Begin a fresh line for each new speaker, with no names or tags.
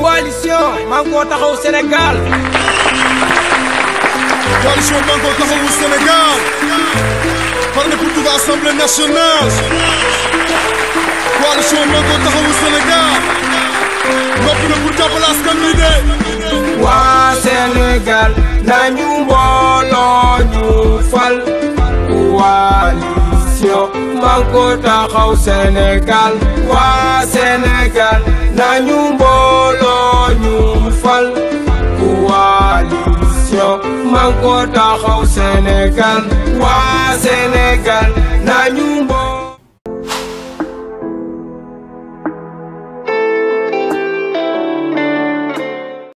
coalition Manko Taxawu
Sénégal. Taxawu Sénégal. parlez pour toute l'Assemblée nationale. coalition Manko Taxawu Sénégal. noppi na pour jàppale askan wi de.
waa Sénégal nañu mbooloo ñu fal. coalition Manko Taxawu Sénégal. waa Sénégal nañu mbooloo man ko taxaw Sénégal waa Sénégal